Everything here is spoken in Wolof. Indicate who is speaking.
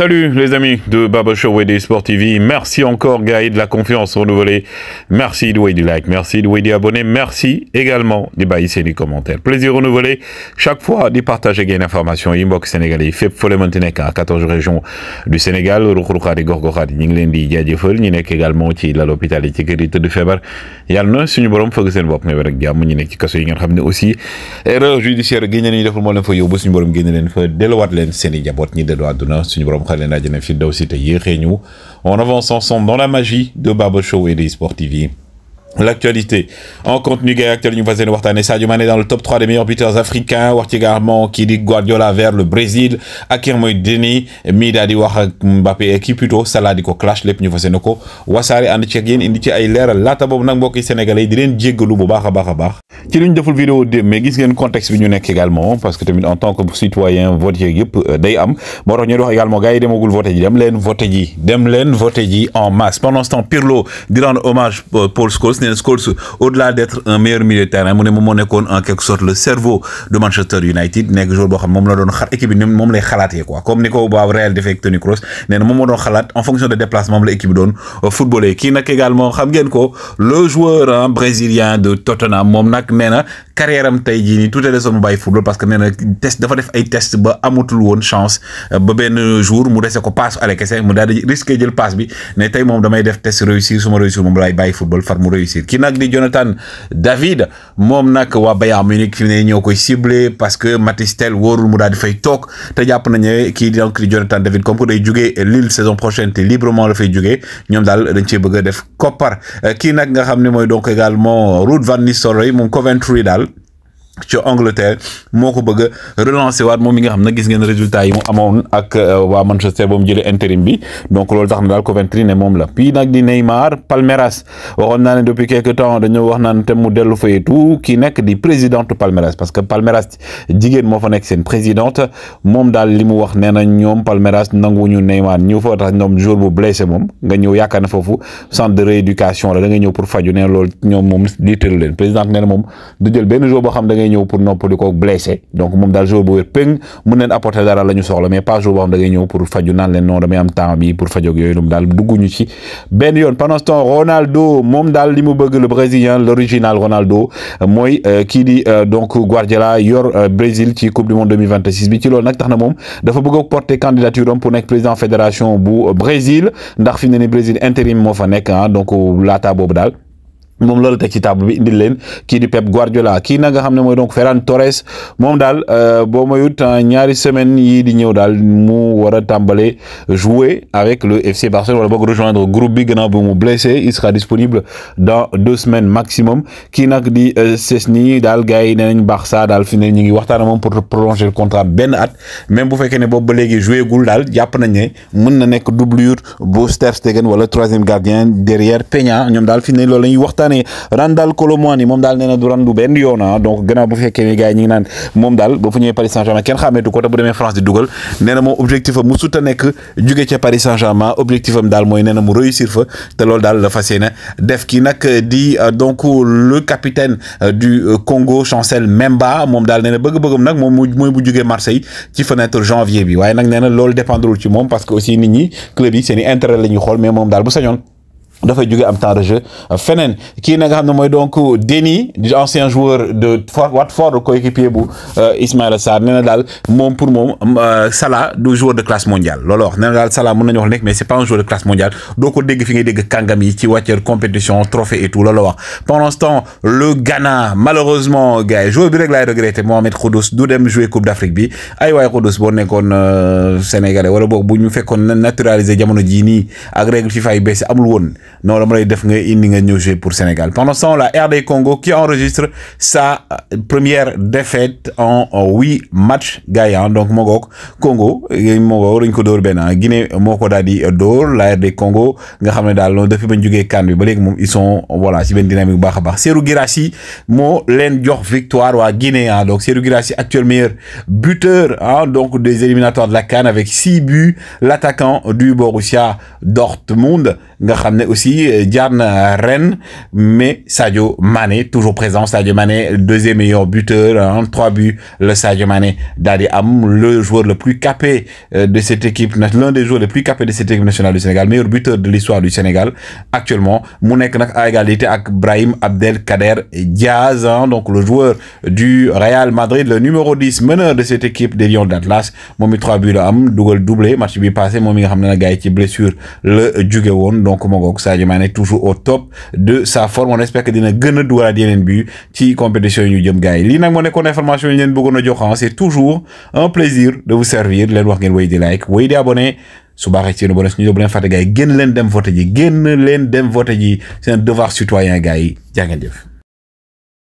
Speaker 1: Salut les amis de Baba Show et Sport TV. Merci encore Guy de la confiance renouvelée. Merci de du like, merci de vous abonner. merci également des les commentaires. Plaisir renouvelé chaque fois de partager gain information. Inbox sénégalais, 14 régions du Sénégal, de il y a il y il Kalena Djenefil aussi te yexeñu en avance ensemble dans la magie de Babo Show et des Sport TV L'actualité. En contenu gay actuel, nous faisons Wartane Sadio Mané dans le top 3 des meilleurs buteurs africains. Wartiga Armand qui dit Guardiola vers le Brésil. Akir Moïdini, Mida di Mbappé et qui plutôt Salah di ko clash lepp ñu fassé nako wassaré and ci ak yeen indi ci ay léral laata bobu nak mbokk sénégalais di leen djéggalu bu baaxa baaxa baax ci luñ deful vidéo dem mais gis ngeen contexte bi ñu également parce que tamit en tant que citoyen vote yëpp euh, day am mo ñu wax également gaay demagul voter ji dem leen voter ji dem voter ji en masse pendant ce temps Pirlo di un hommage euh, Paul Scholes Disney Scholes au-delà d'être un meilleur milieu de terrain mu ne moom en quelque sorte le cerveau de Manchester United nekk joueur boo xam moom la doon xar équipe bi moom lay xalaatee quoi comme Nico ko waa Real defee ak Toni Kroos nee na moom moo en fonction des déplacements de la équipe bi doon euh, footballé kii également xam ngeen ko le joueur hein, brésilien de Tottenham moom nag nee na carrière am tey jii nii tout à fait football parce que nee test dafa def ay test ba amatul won chance euh, ba ben jour mu dese ko passe à la mu daal risqué jël passe bi né tay mom damay def test réussir suma ma réussir moom laay football far mu réussir. réussir ki nag di Jonathan David moom nag waa Bayern Munich fi mu ne ñoo koy ciblé parce que Mathys Tel wóorul mu daal di fay toog te jàpp nañu kii donc di Jonathan David comme que day jugee Lille saison prochaine te librement la fay jugee ñoom daal dañ cee bëgg def koppar kii nag nga xam ne mooy donc également Ruud van Nistelrooy moom Coventry daal ci Angleterre moo ko bëgg a relancer waat moom mi nga xam ne gis ngeen résultat yi mu amoon ak euh, waa Manchester ba jëlee interim bi donc loolu tax na daal Coventry ne moom la puis nag di Neymar Palmeiras parce que Palmeiras jigéen moo fa nekk seen présidente moom daal li mu wax nee na ñoom Palmeiras nanguwuñu Neymar ñëw fa tax ñoom jour bu blessé moom nga ñëw yaakaar ne foofu centre de rééducation la da ñëw pour faju nee na loolu ñoom moom di tëral leen présidente nee na moom du jël benn jour ñëw pour noppali ko blessé donc mom dal jour bu wér péng mun leen apporter dara la soxla mais pas jour boo xam da ngay ñëw pour faju nan leen non damay am temps bi pour fajoog yoy noonu dal dugguñu ci ben yoon pendant ce temps Ronaldo mom dal limu bëgg le brésilien l'original Ronaldo moy euh, ki di euh, donc Guardiola yor euh, Brésil ci coupe du monde 2026 bi ci lool nak taxna mom dafa bëgg porter candidature pour nekk président fédération bu Brésil ndax fi mu ne Brésil intérim mo fa nekk ah donc laata bobu dal moom loolu tek ci table bi indil leen ki di Pep Guardiola ki na nga xamne moy donc Ferran Torres dal euh bo mayut euh, ñaari semaine yi di ñëw dal mu wara tambalé jouer avec le FC Barcelone wala boog rejoindre groupe bi gannaaw bu mu blessé il sera disponible dans deux semaines maximum ki nak di euh, Szczęsny dal gay yi Barça Dal fi ne ñi ngi waxtana mom pour prolonger le contrat ben at même bu fekkee ne boobu ba léegi jouer gul Dal, jàpp nañ ne mën na nekk doublure bu Stegen wala troisième gardien derrière Peña ñom dal fi ne loolu la ñuy Randal Kolo mom dal daal nee na du randu benn ah. donc gëna bu fekké ni gars yi ngi naan moom daal fu Paris Saint-Germain xamé du ko ta bu démé France di duggal nee mo objectif mu sut nek nekk ci Paris Saint-Germain objectif am dal moy nee mu réussir fa té lool dal la fas yéene def ki nak di euh, donc le capitaine euh, du euh, Congo Chancel Memba mom dal nee na bëgg-bëggam nak mom moy bu jugee Marseille ci fenêtre janvier bi waaye nak nee lool loolu ci mom parce que aussi nit ñi club yi seen intérêt la ñuy mais mom dal bu sañoon dafay jóge am temps de jeu euh, Fenen, kii na nga xam ne donc Deni ancien joueur de Watford coéquipier bu euh, Ismaïla Sarr nee na pour moom euh, Salah deux joueur de classe mondiale Lolo, wax Salah mon nañu wax nekk mais c'est pas un joueur de classe mondiale Donc, ko dégg fi ngay dégg kàngam yi ci compétition trophée et tout Lolo. wax pendant ce temps le Ghana malheureusement gars yi joueur bi rek laay regretté Mohamed Kudus du dem jouer Coupe d'Afrique bi ay waay Kudus boo nekkoon Sénégalais wala boog bu ñu fekkoon naturalisé jamono jii nii ak règle FIFA yu bees amul woon non le lay def nga indi nga jouer pour Sénégal pendant ce temps la RD Congo qui enregistre sa euh, première défaite en huit matchs gagnants donc moo Congo euh, moo dañ ko door hein. Guinée moko ko d'or la RD Congo nga xamné de daal depuis bañ ils sont voilà c'est bien dynamique bu bax a baax mo len jox victoire à Guinée hein. donc c'est Guirassy actuel meilleur buteur hein, donc des éliminatoires de la CAN avec six buts l'attaquant du Borussia Dortmund nga xamné aussi aussi euh, Diane Rennes, mais Sadio Mane toujours présent. Sadio Mané, deuxième meilleur buteur, hein. trois buts, le Sadio Mane d'Ali Am, le joueur le plus capé euh, de cette équipe, l'un des joueurs les plus capés de cette équipe nationale du Sénégal, meilleur buteur de l'histoire du Sénégal actuellement. Mounek à égalité avec Brahim Abdelkader Diaz, hein. donc le joueur du Real Madrid, le numéro 10, meneur de cette équipe des Lions d'Atlas. Momi 3 buts, le double doublé, match bi passé, Gaïti, blessure, le Djugewon, donc ça Sadio Mané toujours au top de sa forme on espère que dina gën a dugalaat yeneen bi ci compétition ñu jëm gars Li nak mo moo nekkoon information ñeen bëgguna jox bëggoon hein. c'est toujours un plaisir de vous servir Len wax ngeen way di like way di abonné su baaxee ci yéen bonus ñu bu len faté gaay, yi len dem voter ji génn len dem voter ji c'est un devoir citoyen gars yi jaa jëf